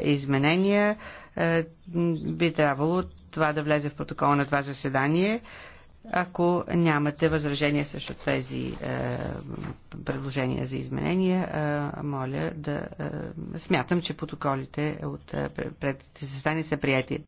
изменения, е, би трябвало това да влезе в протокола на това заседание, ако нямате възражения срещу тези е, предложения за изменения, е, моля да смятам, че протоколите от предните заседания са прияти.